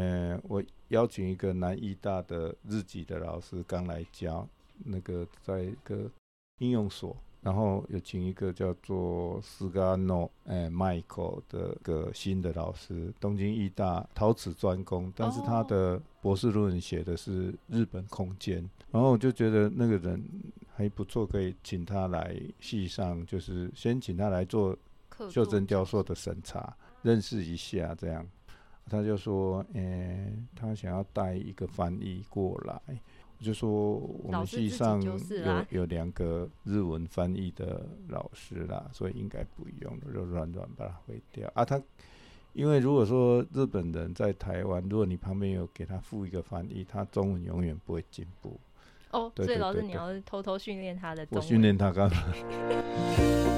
嗯、欸，我邀請一個南藝大的日籍的老師剛來教，那個在一個應用所，然後有請一個叫做斯卡諾誒 Michael 的個新的老師，東京藝大陶瓷專攻，但是他的博士論文寫的是日本空間，然後我就覺得那個人還不錯，可以請他來系上，就是先請他來做袖珍雕塑的審查，認識一下這樣。他就說：“誒、欸，他想要帶一個翻譯過來。”我就說：“我們系上有有兩個日文翻譯的老師啦，所以應該不用了，就軟軟把它毀掉啊。他”他因為如果說日本人在台灣，如果你旁邊有給他附一個翻譯，他中文永遠不會進步。哦，對對對對，所以老師你要偷偷訓練他的中文，我訓練他幹嘛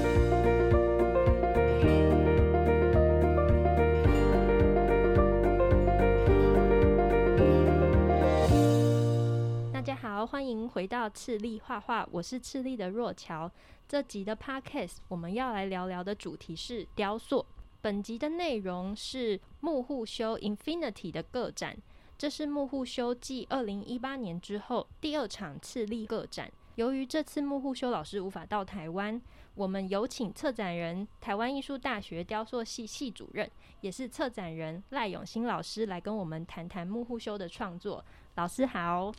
赤粒話畫，我是赤粒的若橋。這集的 Podcast 我們要來聊聊的主題是雕塑。本集的內容是木戶修 Infinity 的個展，這是木戶修繼二零一八年之後第二場赤粒個展。由於這次木戶修老師無法到台灣，我們有請策展人、台灣藝術大學雕塑系系主任，也是策展人賴永興老師來跟我們談談木戶修的創作。老師好，誒、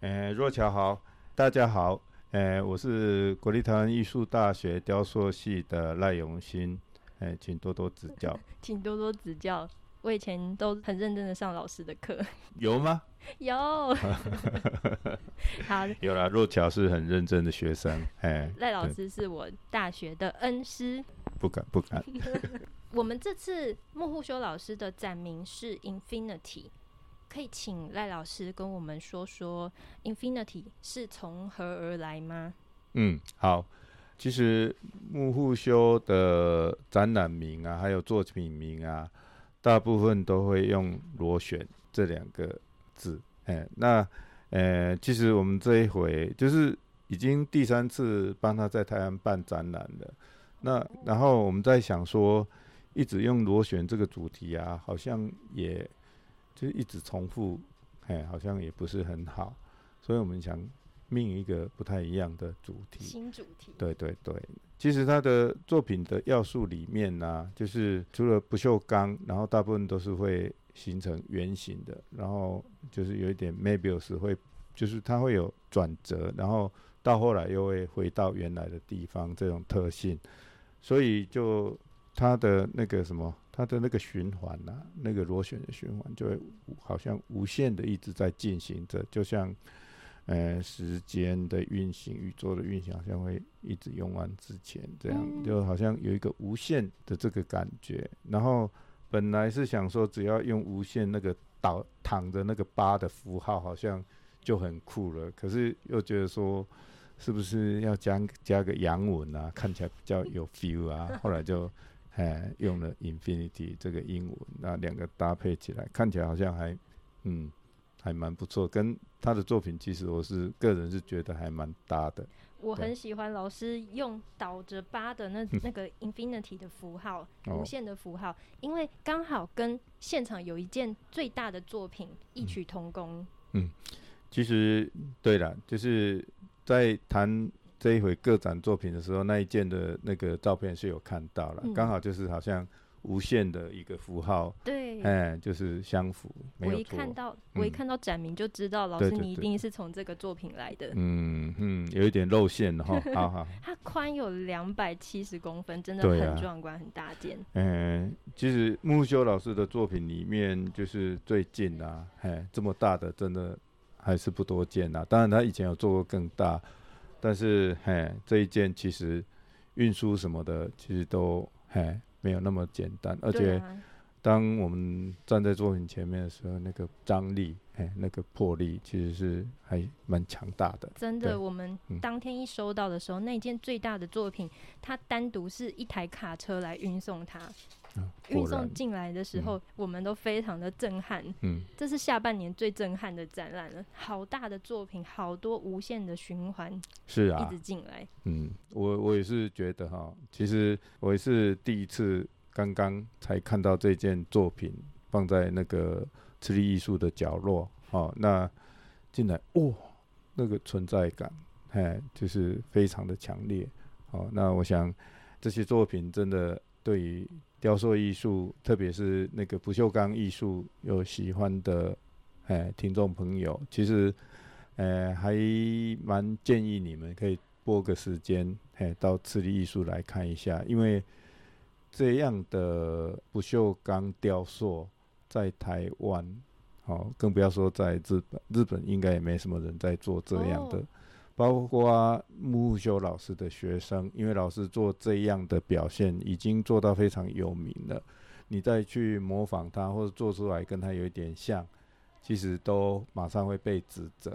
呃，若橋好。大家好誒，我是國立台灣藝術大學雕塑系的賴永興，哎，請多多指教。請多多指教，我以前都很認真的上老師的課。有嗎？有。 好的，有啦，若橋是很認真的學生，哎，賴老師是我大學的恩師。不敢不敢。不敢 我們這次木戶修老師的展名是 Infinity。可以請賴老師跟我們說說 “Infinity” 是從何而來嗎？嗯，好。其實木戶修的展覽名啊，還有作品名啊，大部分都會用“螺旋”這兩個字。哎、欸，那呃、欸，其實我們這一回就是已經第三次幫他在台灣辦展覽了。那然後我們在想說，一直用“螺旋”這個主題啊，好像也。就一直重複，哎，好像也不是很好，所以我們想命一個不太一樣的主題。新主題。對對對，其實他的作品的要素裡面呢、啊，就是除了不鏽鋼，然後大部分都是會形成圓形的，然後就是有一點 Mebius 有時會，就是它會有轉折，然後到後來又會回到原來的地方這種特性，所以就他的那個什麼。它的那個循環吶、啊，那個螺旋的循環，就會好像無限的一直在進行着，就像，呃，時間的運行、宇宙的運行，好像會一直用完之前這樣，就好像有一個無限的這個感覺。然後本來是想說，只要用無限那個倒躺着那個八的符號，好像就很酷了。可是又覺得說，是不是要加加個洋文啊，看起來比較有 feel 啊？後來就。哎、用了 infinity 這個英文，那兩個搭配起來，看起來好像還，嗯，還蠻不錯。跟他的作品，其實我是個人是覺得還蠻搭的。我很喜歡老師用倒着八的那那個 infinity 的符號，嗯、無限的符號，哦、因為剛好跟現場有一件最大的作品，嗯、異曲同工。嗯，其實對了，就是在談。這一回個展作品的時候，那一件的那個照片是有看到了，剛、嗯、好就是好像無限的一個符號，對，哎、嗯，就是相符。我一看到，嗯、我一看到展名就知道，對對對老師你一定是從這個作品來的。嗯嗯，有一點露餡哈，好好。它寬有兩百七十公分，真的很壯觀，啊、很大件。嗯，其實木戶修老師的作品裡面就是最近啦、啊，哎，這麼大的真的還是不多見吶、啊。當然他以前有做過更大。但是，嘿，這一件其實運輸什麼的，其實都嘿沒有那麼簡單，而且。當我們站在作品前面的時候，那個張力，哎、欸，那個魄力，其實是還蠻強大的。真的，對，我們當天一收到的時候，嗯、那件最大的作品，它單獨是一台卡車來運送它。運、啊、送進來的時候，嗯、我們都非常的震撼。嗯，這是下半年最震撼的展覽了。好大的作品，好多無限的循環，是啊，一直進來。嗯，我我也是覺得哈，其實我也是第一次。剛剛才看到這件作品放在那個赤粒藝術的角落，好、哦，那進來哇、哦，那個存在感，哎，就是非常的強烈，好、哦，那我想這些作品真的對於雕塑藝術，特別是那個不鏽鋼藝術有喜歡的哎，聽眾朋友，其實、呃、還蠻建議你們可以撥個時間，哎，到赤粒藝術來看一下，因為。這樣的不鏽鋼雕塑在台灣，哦，更不要說在日本。日本應該也沒什麼人在做這樣的。哦、包括木戶修老師的學生，因為老師做這樣的表現已經做到非常有名了，你再去模仿他或者做出來跟他有一點像，其實都馬上會被指責，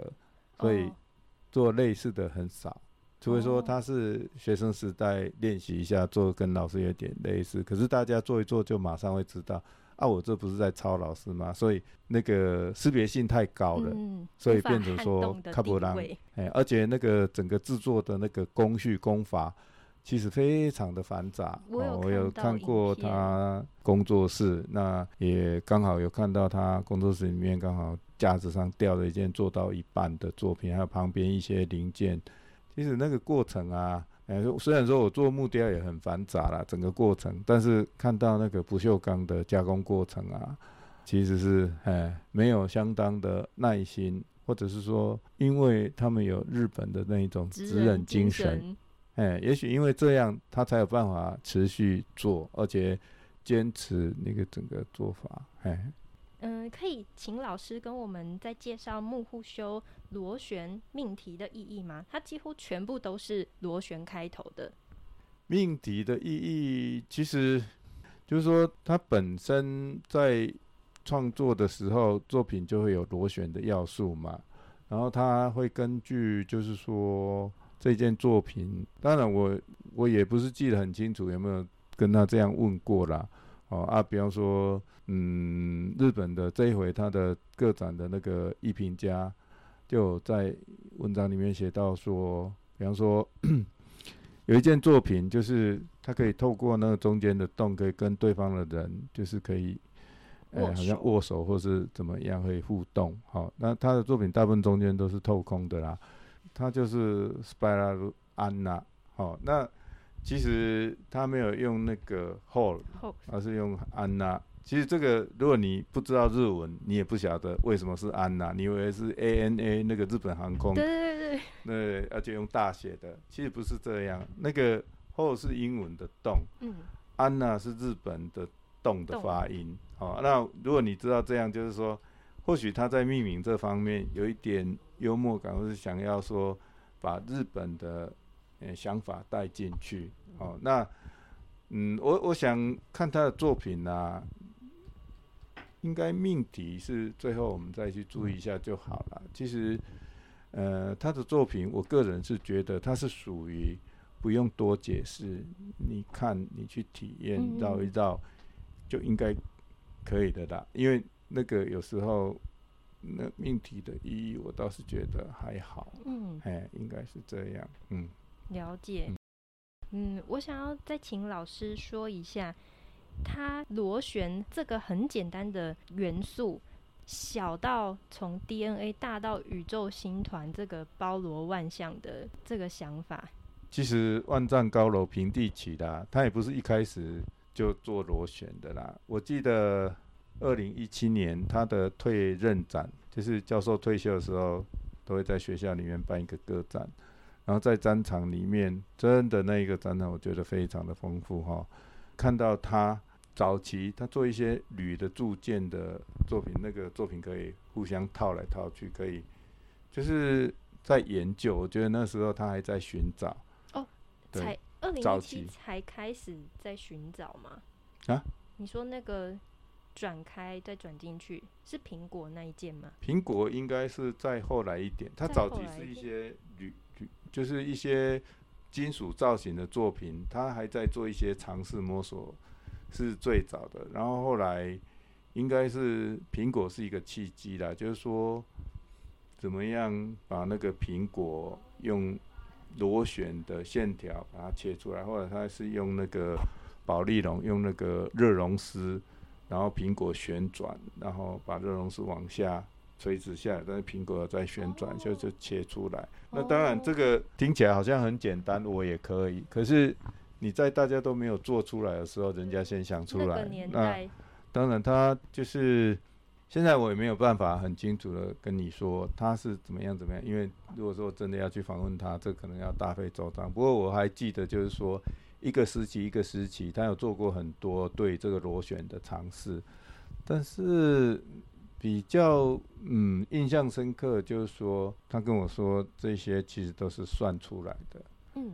所以做類似的很少。哦所以說他是學生時代練習一下，哦、做跟老師有點類似，可是大家做一做就馬上會知道，啊，我這不是在抄老師嗎？所以那個識別性太高了，嗯、所以變成說卡博蘭，哎，而且那個整個制作的那個工序工法其實非常的繁雜，哦、我有看過他工作室，那也剛好有看到他工作室裡面剛好架子上吊着一件做到一半的作品，還有旁邊一些零件。其實那個過程啊，哎，雖然說我做木雕也很繁雜啦，整個過程，但是看到那個不鏽鋼的加工過程啊，其實是哎沒有相當的耐心，或者是說，因為他們有日本的那一種職人精神，哎，也許因為這樣，他才有辦法持續做，而且堅持那個整個做法，哎。嗯，可以請老師跟我們再介紹木戶修螺旋命題的意義嗎？他幾乎全部都是螺旋開頭的。命題的意義，其實就是說他本身在創作的時候，作品就會有螺旋的要素嘛。然後他會根據，就是說這件作品，當然我我也不是記得很清楚，有沒有跟他這樣問過啦。哦啊，比方說，嗯，日本的這一回他的個展的那個藝評家，就有在文章裡面寫到說，比方說有一件作品，就是他可以透過那個中間的洞，可以跟對方的人，就是可以，呃、手好像握手或是怎麼樣，可以互動。好、哦，那他的作品大部分中間都是透空的啦，他就是 Spiral Anna、哦。好，那。其實他沒有用那個 hole，而是用「安娜」。其實這個，如果你不知道日文，你也不曉得為什麼是「安娜」。你以為是 “ANA” 那個日本航空？對對對。對，而且用大寫的。其實不是這樣。那個 hole 是英文的洞。嗯。安娜是日本的「洞」的發音。don 哦，那如果你知道這樣，就是說，或許他在命名這方面有一點幽默感，或是想要說把日本的。想法帶進去哦，那嗯，我我想看他的作品呢、啊，應該命題是最後我們再去注意一下就好了。嗯、其實，呃，他的作品，我個人是覺得他是屬於不用多解釋，嗯、你看你去體驗繞一繞、嗯嗯、就應該可以的啦。因為那個有時候那命題的意義，我倒是覺得還好，嗯，哎，應該是這樣，嗯。了解，嗯，我想要再請老師說一下，他螺旋這個很簡單的元素，小到從 DNA，大到宇宙星團，這個包羅萬象的這個想法。其實萬丈高樓平地起的啊，他也不是一開始就做螺旋的啦。我記得二零一七年他的退任展，就是教授退休的時候，都會在學校裡面辦一個個展。然後在展場裡面，真的那一個展覽，我覺得非常的豐富哈、哦。看到他早期他做一些鋁的鑄件的作品，那個作品可以互相套來套去，可以就是在研究。我覺得那時候他還在尋找。哦，對才二零一七才開始在尋找嘛？啊，你說那個轉開再轉進去是蘋果那一件嗎？蘋果應該是再後來一點，他早期是一些鋁。就是一些金屬造型的作品，他還在做一些嘗試摸索，是最早的。然後後來應該是蘋果是一個契機啦，就是說怎麼樣把那個蘋果用螺旋的線條把它切出來。後來他是用那個保麗龍，用那個熱熔絲，然後蘋果旋轉，然後把熱熔絲往下。垂直下來，但是蘋果在旋轉，oh. 就就切出來。Oh. 那當然，這個聽起來好像很簡單，我也可以。可是你在大家都沒有做出來的時候，人家先想出來。那，那當然，他就是現在我也沒有辦法很清楚的跟你說他是怎麼樣怎麼樣。因為如果說真的要去訪問他，這可能要大費周章。不過我還記得，就是說一個時期一個時期，他有做過很多對這個螺旋的嘗試，但是。比較嗯，印象深刻，就是說他跟我說，這些其實都是算出來的。嗯，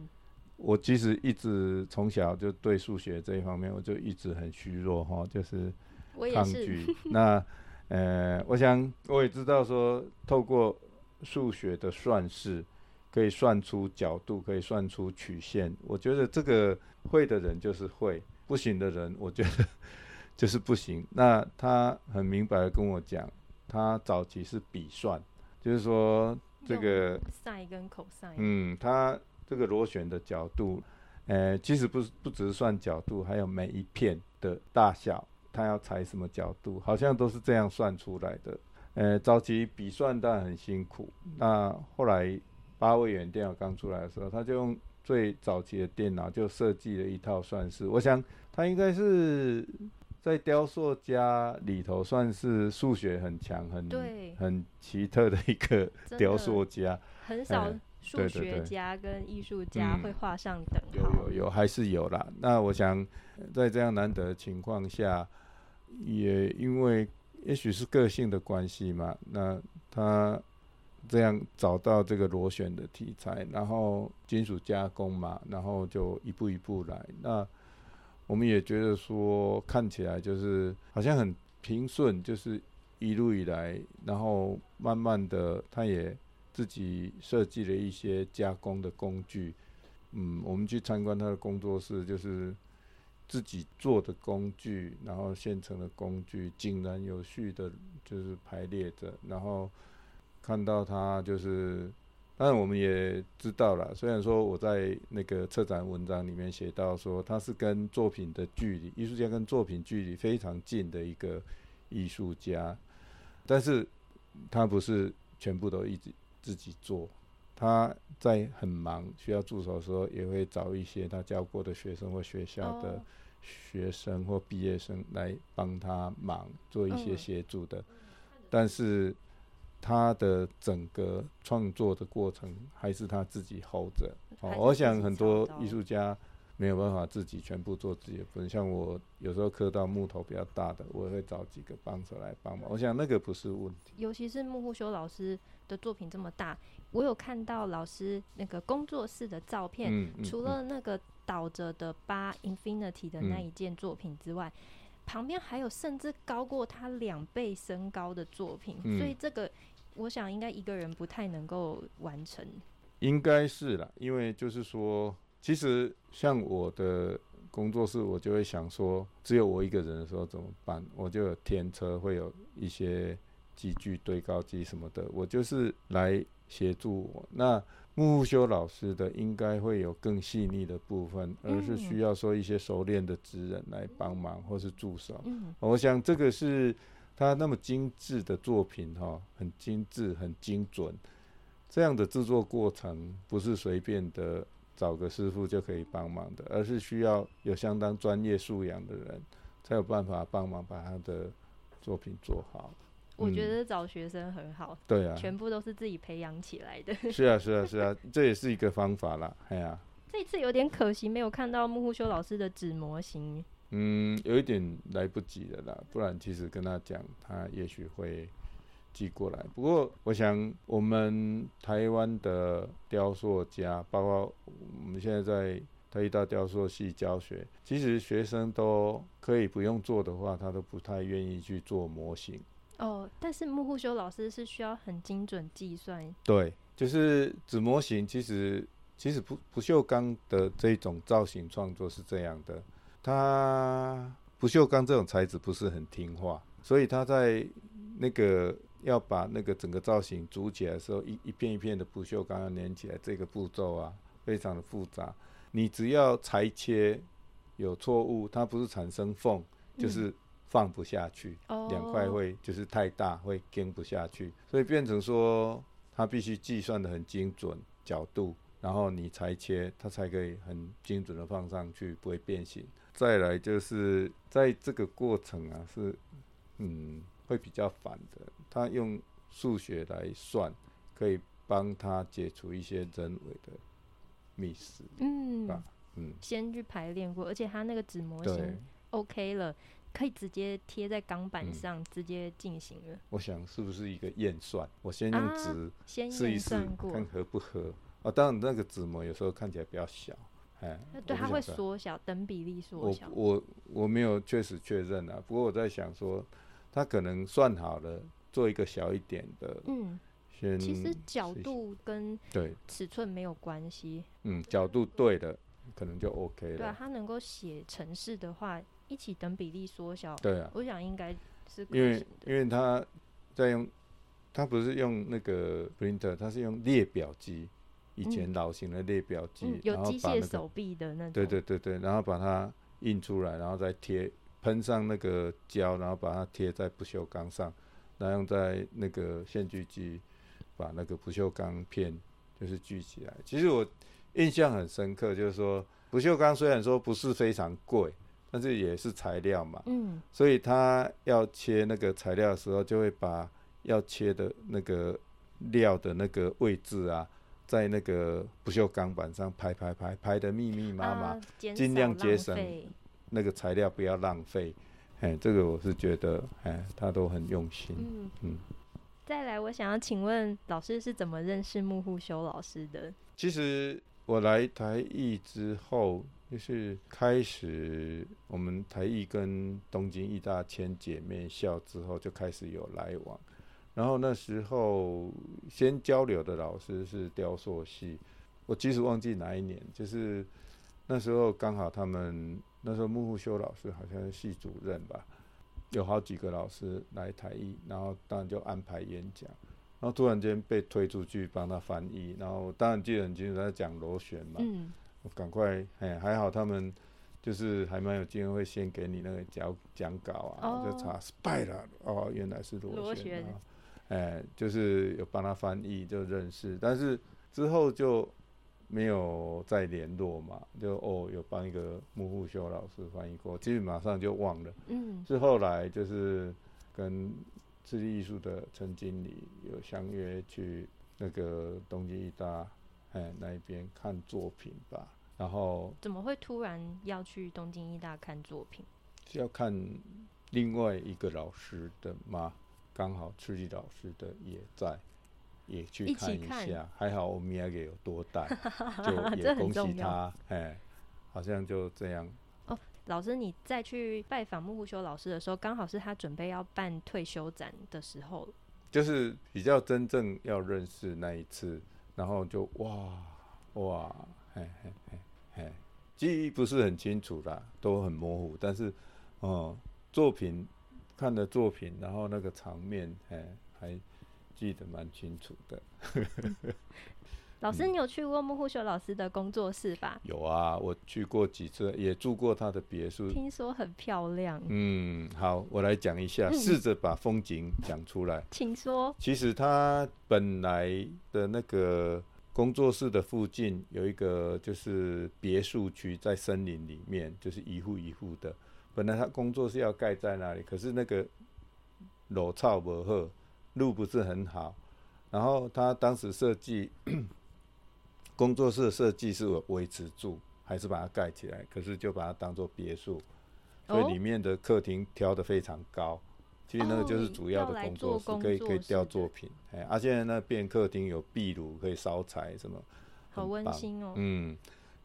我其實一直從小就對數學這一方面，我就一直很虛弱哈，就是抗拒。也 那呃，我想我也知道說，透過數學的算式可以算出角度，可以算出曲線。我覺得這個會的人就是會，不行的人，我覺得。 就是不行。那他很明白的跟我講，他早期是筆算，就是說這個、啊、嗯，他這個螺旋的角度，呃，其實不是不只是算角度，還有每一片的大小，他要裁什麼角度，好像都是這樣算出來的。呃，早期筆算但很辛苦。嗯、那後來八位元電腦剛出來的時候，他就用最早期的電腦就設計了一套算式。我想他應該是、嗯。在雕塑家裡頭，算是數學很強、很對很奇特的一個雕塑家。很少數學家跟藝術家會畫上等號。嗯，有有有，還是有啦。那我想，在這樣難得的情況下，也因為也許是個性的關係嘛，那他這樣找到這個螺旋的題材，然後金屬加工嘛，然後就一步一步來。那我們也覺得說，看起來就是好像很平順，就是一路以來，然後慢慢的，他也自己設計了一些加工的工具，嗯，我們去參觀他的工作室，就是自己做的工具，然後現成的工具井然有序的，就是排列着，然後看到他就是。那我們也知道了，雖然說我在那個策展文章裡面寫到說，他是跟作品的距離，藝術家跟作品距離非常近的一個藝術家，但是他不是全部都一直自己做，他在很忙需要助手的時候，也會找一些他教過的學生或學校的學生或畢業生來幫他忙，做一些協助的，但是。他的整個創作的過程還是他自己 hold 著、哦。我想很多藝術家沒有辦法自己全部做自己的分，嗯、像我有時候刻到木頭比較大的，我也會找幾個幫手來幫忙。嗯、我想那個不是問題。尤其是木戶修老師的作品這麼大，我有看到老師那個工作室的照片，嗯嗯嗯、除了那個倒着的八 infinity 的那一件作品之外。嗯嗯旁邊還有甚至高過他兩倍身高的作品，嗯，所以這個我想應該一個人不太能夠完成。應該是啦，因為就是說，其實像我的工作室，我就會想說，只有我一個人的時候怎麼辦？我就有天車，會有一些機具、堆高機什麼的，我就是來。協助我，那木戶修老師的應該會有更細膩的部分，而是需要說一些熟練的職人來幫忙或是助手。嗯，我想這個是他那麼精致的作品哈，很精致、很精準，這樣的制作過程不是隨便的找個師傅就可以幫忙的，而是需要有相當專業素養的人才有辦法幫忙把他的作品做好。我覺得找學生很好，嗯、對啊，全部都是自己培養起來的。是啊，是啊，是啊， 這也是一個方法啦。哎呀、啊，這一次有點可惜，沒有看到木戶修老師的紙模型。嗯，有一點來不及了啦，不然其實跟他講，他也許會寄過來。不過，我想我們台灣的雕塑家，包括我們現在在台藝大雕塑系教學，其實學生都可以不用做的話，他都不太願意去做模型。哦，oh, 但是木戶修老師是需要很精準計算。對，就是紙模型其實，其實其實不不鏽鋼的這種造型創作是這樣的，它不鏽鋼這種材質不是很聽話，所以他在那個要把那個整個造型組起來的時候，一一片一片的不鏽鋼要連起來，這個步驟啊非常的複雜。你只要裁切有錯誤，它不是產生縫就是、嗯。放不下去，兩塊、oh. 會就是太大會跟不下去，所以變成說它必須計算得很精準角度，然後你裁切它才可以很精準地放上去，不會變形。再來就是在這個過程啊，是嗯會比較煩的，他用數學來算，可以幫他解除一些人為的迷思。嗯，嗯，先去排練過，而且他那個紙模型對 OK 了。可以直接貼在鋼板上，直接進行的我想是不是一個驗算？我先用紙先試一試，看合不合啊？當然那個紙模有時候看起來比較小，哎，對，它會縮小，等比例縮小。我我沒有確實確認啊，不過我在想說，他可能算好了，做一個小一點的，嗯，先。其實角度跟對尺寸沒有關係。嗯，角度對的，可能就 OK 了。對啊，它能夠寫程式的話。一起等比例縮小，對啊，我想應該是可行的。因為因為他在用，它不是用那個 printer，他是用列表機，以前老型的列表機，有機械手臂的那種。對對對對，然後把它印出來，然後再貼，噴上那個膠，然後把它貼在不鏽鋼上，然後用在那個線鋸機把那個不鏽鋼片就是鋸起來。其實我印象很深刻，就是說不鏽鋼雖然說不是非常貴，但是也是材料嘛，嗯，所以他要切那個材料的時候，就會把要切的那個料的那個位置啊，在那個不鏽鋼板上拍拍拍拍的密密麻麻，盡量節省那個材料，不要浪費。哎，這個我是覺得，哎，他都很用心。嗯嗯。再來，我想要請問老師是怎麼認識木戶修老師的？其實我來台藝之後。就是開始，我們台藝跟東京藝大簽姐妹校之後，就開始有來往。然後那時候先交流的老師是雕塑系，我其實忘記哪一年。就是那時候剛好他們那時候木戶修老師好像是系主任吧，有好幾個老師來台藝，然後當然就安排演講。然後突然間被推出去幫他翻譯，然後當然記得很清楚，他講螺旋嘛。嗯趕快哎，還好他們就是還蠻有機會，先給你那個講講稿啊，oh. 就查 spy 了哦，原來是螺旋啊，哎螺旋、啊，就是有幫他翻譯，就認識，但是之後就沒有再聯絡嘛。就哦，有幫一個木戶修老師翻譯過，其實馬上就忘了，嗯，是後來就是跟赤粒藝術的陳經理有相約去那個東京藝大。哎，那一邊看作品吧，然後怎麼會突然要去東京藝大看作品？是要看另外一個老師的嗎？剛好赤井老師的也在，也去看一下。一還好我們也給有多帶， 就也恭喜他。哎， 好像就這樣。哦，老師，你再去拜訪木戶修老師的時候，剛好是他準備要辦退休展的時候，就是比較真正要認識那一次。然後就哇哇嘿嘿嘿嘿，記憶不是很清楚啦，都很模糊。但是，哦、呃，作品看的作品，然後那個場面，哎，還記得蠻清楚的。 老師，你有去過木戶修老師的工作室吧、嗯？有啊，我去過幾次，也住過他的別墅。聽說很漂亮。嗯，好，我來講一下，試着、嗯、把風景講出來。請說。其實他本來的那個工作室的附近有一個就是別墅區，在森林裡面，就是一戶一戶的。本來他工作室要蓋在那裡，可是那個裸草薄荷，路不是很好。然後他當時設計。工作室設計是我維持住還是把它蓋起來？可是就把它當做別墅，所以裡面的客廳挑得非常高，哦、其實那個就是主要的工作室，作可以可以雕作品。的哎，而、啊、現在那邊客廳有壁爐，可以燒柴什麼，很好溫馨哦。嗯，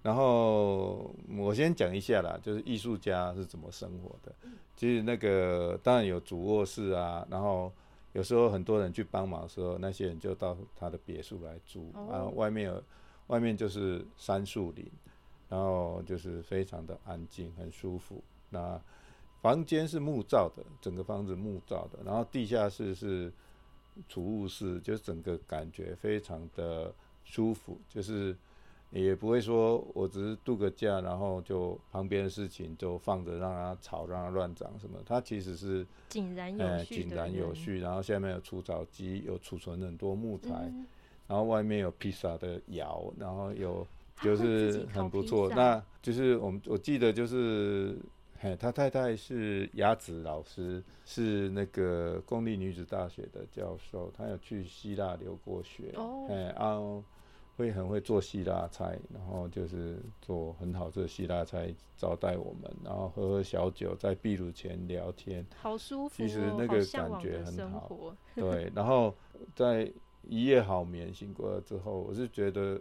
然後我先講一下啦，就是藝術家是怎麼生活的。其實那個當然有主臥室啊，然後有時候很多人去幫忙的時候，那些人就到他的別墅來住，然後、哦啊、外面有。外面就是山樹林，然後就是非常的安靜，很舒服。那房間是木造的，整個房子木造的，然後地下室是儲物室，就是整個感覺非常的舒服。就是也不會說我只是度個假，然後就旁邊的事情就放着讓它吵、讓它亂長什麼。它其實是井然有序、嗯，井然有序。然後下面有除草機，有儲存很多木材。嗯然後外面有披薩的窯，然後有就是很不錯。那就是我們我記得就是，嘿，他太太是雅子老師，是那個公立女子大學的教授，她有去希臘留過學，oh. 嘿，啊，然後會很會做希臘菜，然後就是做很好吃希臘菜招待我們，然後喝喝小酒，在壁爐前聊天，好舒服，哦，其實那個感覺很好。好對，然後在。 一夜好眠，醒過來之後，我是覺得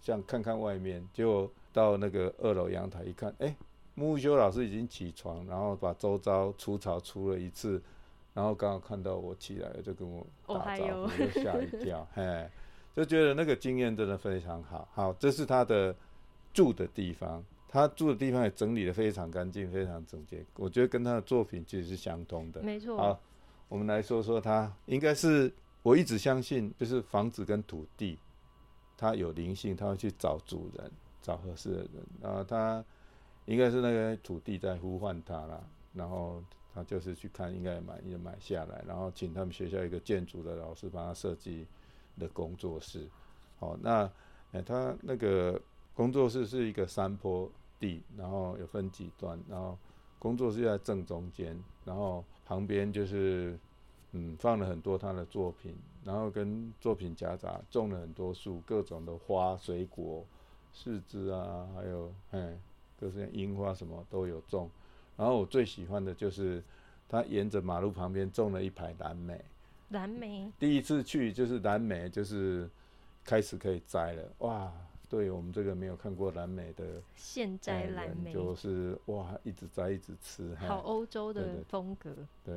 想看看外面，就到那個二樓陽台一看，哎、欸，木修老師已經起床，然後把周遭除草除了一次，然後剛好看到我起來就跟我打招呼，嚇、哦、還一跳， 嘿，就覺得那個經驗真的非常好。好，這是他的住的地方，他住的地方也整理得非常乾淨，非常整潔。我覺得跟他的作品其實是相通的。沒錯錯。好，我們來說說他，應該是。我一直相信，就是房子跟土地，它有靈性，它會去找主人，找合適的人啊。它應該是那個土地在呼喚它啦，然後他就是去看應該也買，應該滿意就買下來，然後請他們學校一個建築的老師幫他設計的工作室。好、哦，那誒，他、欸、那個工作室是一個山坡地，然後有分幾段，然後工作室在正中間，然後旁邊就是。嗯，放了很多他的作品，然後跟作品夾雜種了很多樹，各種的花、水果、柿子啊，還有嗯，各式各樣櫻花什麼都有種。然後我最喜歡的就是他沿着馬路旁邊種了一排藍莓。藍莓、嗯。第一次去就是藍莓，就是開始可以摘了，哇！以我們這個沒有看過藍莓的，現在藍莓、嗯、就是哇，一直摘一直吃，好歐洲的風格。對,對,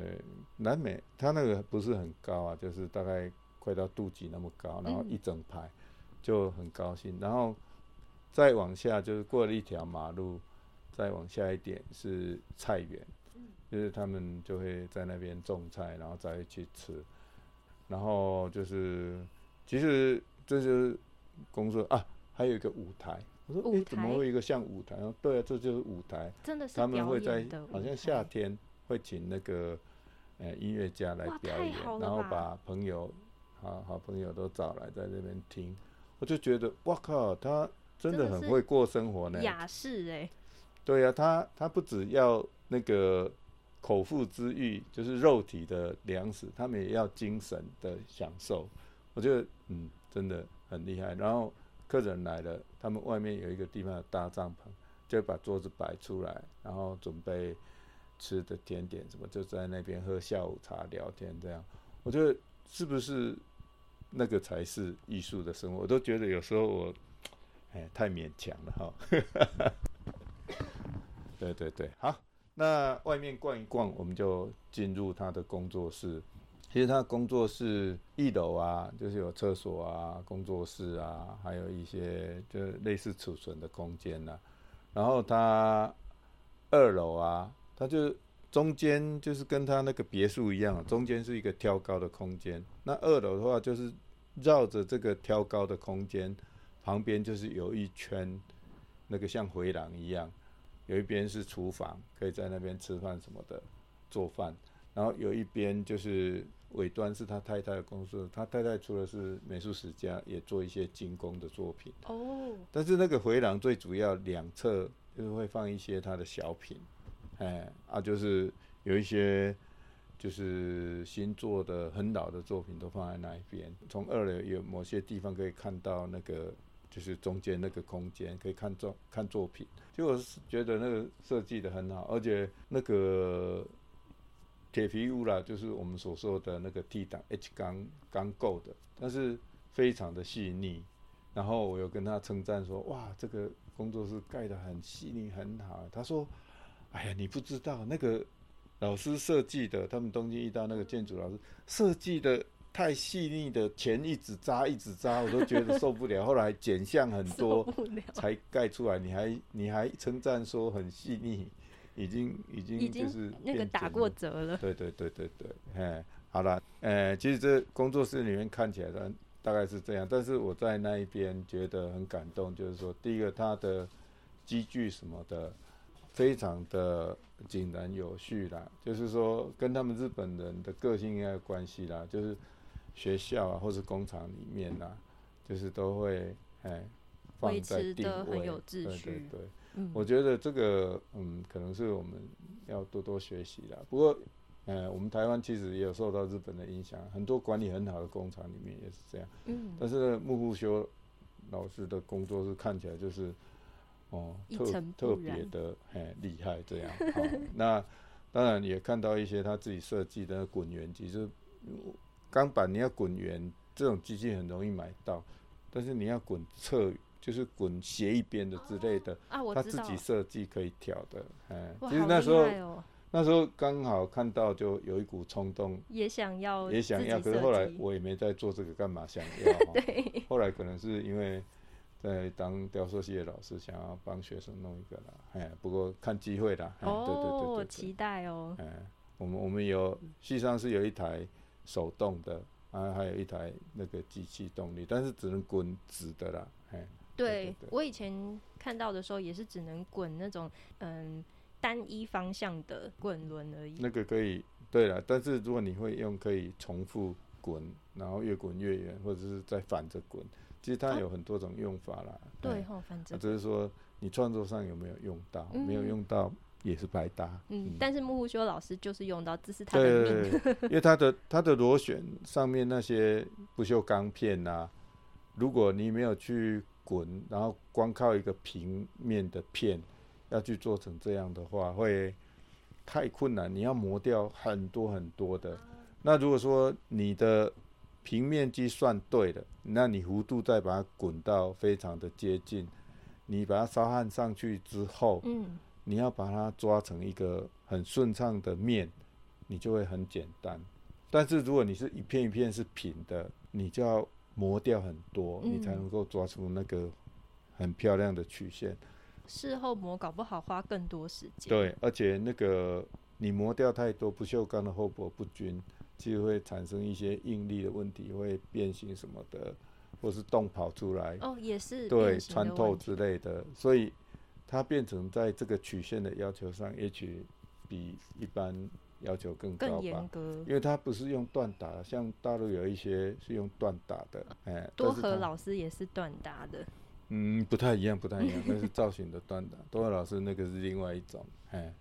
對，藍莓它那個不是很高啊，就是大概快到肚臍那麼高，然後一整排就很高興。嗯、然後再往下就是過了一條馬路，再往下一點是菜園，就是他們就會在那邊種菜，然後再去吃。然後就是其實這就是工作啊。還有一個舞台，我說誒舞台？欸，怎麼會有一個像舞台？對啊，這就是舞台。真的是表演的舞台。他們會在好像夏天會請那個呃、欸、音樂家來表演，好，然後把朋友好好朋友都找來，在那邊聽。我就覺得哇靠，他真的很會過生活呢。雅士誒，對啊，他他不只要那個口腹之欲，就是肉體的糧食，他們也要精神的享受。我覺得嗯，真的很厲害。然後。客人來了，他們外面有一個地方搭帳篷，就把桌子擺出來，然後準備吃的甜點什麼，就在那邊喝下午茶、聊天這樣。我覺得是不是那個才是藝術的生活？我都覺得有時候我哎太勉強了哈、哦。 對對對，好，那外面逛一逛，我們就進入他的工作室。其實他的工作室一樓啊，就是有廁所啊、工作室啊，還有一些就是類似儲存的空間啊。然後他二樓啊，他就中間就是跟他那個別墅一樣啊，中間是一個挑高的空間。那二樓的話，就是繞着這個挑高的空間，旁邊就是有一圈那個像回廊一樣，有一邊是廚房，可以在那邊吃飯什麼的，做飯，然後有一邊就是。尾端是他太太的公司，他太太除了是美術史家，也做一些精工的作品。哦，但是那個迴廊最主要兩側就是會放一些他的小品，哎啊，就是有一些就是新做的、很老的作品都放在那一邊。從二樓有某些地方可以看到那個就是中間那個空間，可以看作看作品。就我是覺得那個設計得很好，而且那個。鐵皮屋啦，就是我們所說的那個 T 檔 H 鋼鋼構的，但是非常的細膩。然後我有跟他稱讚說：“哇，這個工作室蓋得很細膩，很好。”他說：“哎呀，你不知道那個老師設計的，他們東京藝大的那個建築老師設計得太細膩的，錢一直扎，一直扎，我都覺得受不了。 後來減項很多，才蓋出來。你還你還稱讚說很細膩。”已經已經就是經那個打過折了。對對對對對，哎，好了，哎、呃，其實這工作室裡面看起來呢，大概是這樣。但是我在那一邊覺得很感動，就是說，第一個他的機具什麼的，非常的井然有序啦。就是說，跟他們日本人的個性應該有關係啦。就是學校啊，或是工廠裡面吶、啊，就是都會哎，放在定位，維持的很有秩序。對，對對。我覺得這個嗯，可能是我們要多多學習啦。不過，呃、欸，我們台灣其實也有受到日本的影響，很多管理很好的工廠裡面也是這樣。嗯。但是呢，木戶修老師的工作是看起來就是，哦、呃，特特別的哎厲、欸、害這樣。好 那當然也看到一些他自己設計的滾圓機，就鋼板你要滾圓這種機器很容易買到，但是你要滾側。就是滾斜一邊的之類的，哦啊、他自己設計可以調的，哎、嗯，哇其實那時候、哦、那時候剛好看到就有一股衝動，也想要也想要，可是後來我也沒在做這個幹嘛想要， 對，後來可能是因為在當雕塑系的老師，想要幫學生弄一個啦，哎、嗯，不過看機會啦，嗯、對對對對對哦，我期待哦，哎、嗯，我們我們有，實際上是有一台手動的，啊，還有一台那個機器動力，但是只能滾直的啦，哎、嗯。對，對，對，對對對，我以前看到的時候也是只能滾那種嗯單一方向的滾輪而已。那個可以，對了，但是如果你會用，可以重複滾，然後越滾越遠，或者是再反着滾，其實它有很多種用法啦。啊嗯、對、哦，反正只、啊、是說你創作上有沒有用到，嗯、沒有用到也是白搭。嗯，嗯但是木戶修老師就是用到，這是他的名。 因為他的他的螺旋，上面那些不鏽鋼片啊，如果你沒有去。滾，然後光靠一個平面的片，要去做成這樣的話會太困難。你要磨掉很多很多的。那如果說你的平面計算對了，那你弧度再把它滾到非常的接近，你把它燒焊上去之後，嗯，你要把它抓成一個很順暢的面，你就會很簡單。但是如果你是一片一片是平的，你就要。磨掉很多，你才能夠抓出那個很漂亮的曲線。嗯，事後磨搞不好花更多時間。對，而且那個你磨掉太多，不鏽鋼的厚薄不均，就會產生一些應力的問題，會變形什麼的，或是洞跑出來。哦，也是。對，穿透之類的，所以它變成在這個曲線的要求上，也許比一般要求更高，更嚴格，因為他不是用鍛打，像大陸有一些是用鍛打的，哎，多和老師也是鍛打的，嗯，不太一樣，不太一樣，但是 是造型的鍛打，多和老師那個是另外一種，哎，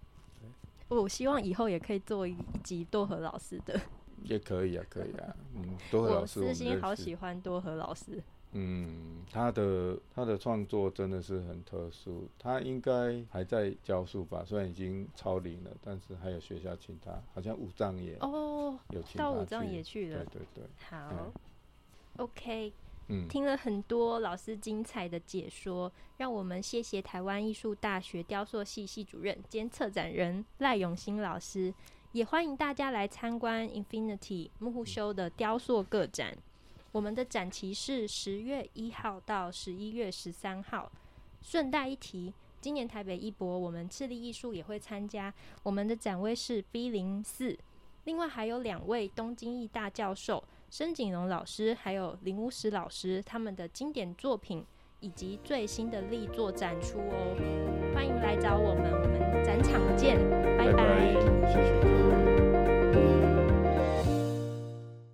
我希望以後也可以做一集多和老師的，也可以啊，可以啊，嗯， 多和老師，我私心好喜歡多和老師。嗯，他的他的創作真的是很特殊。他應該還在教書吧？雖然已經超齡了，但是還有學校請他。好像武藏野有去，哦，到武藏野去了。對對對，好，OK。嗯，okay, 嗯，聽了很多老師精彩的解說，讓我們謝謝台灣藝術大學雕塑系系主任兼策展人賴永興老師。也歡迎大家來參觀 Infinity 木戶修的雕塑個展。嗯我們的展期是十月一號到十一月十三號。順帶一提，今年台北藝博，我們赤粒藝術也會參加。我們的展位是 B 零四。另外還有兩位東京藝大教授——深井隆老師還有林武史老師——他們的經典作品以及最新的力作展出哦。歡迎來找我們，我們展場見，拜拜。拜拜謝謝。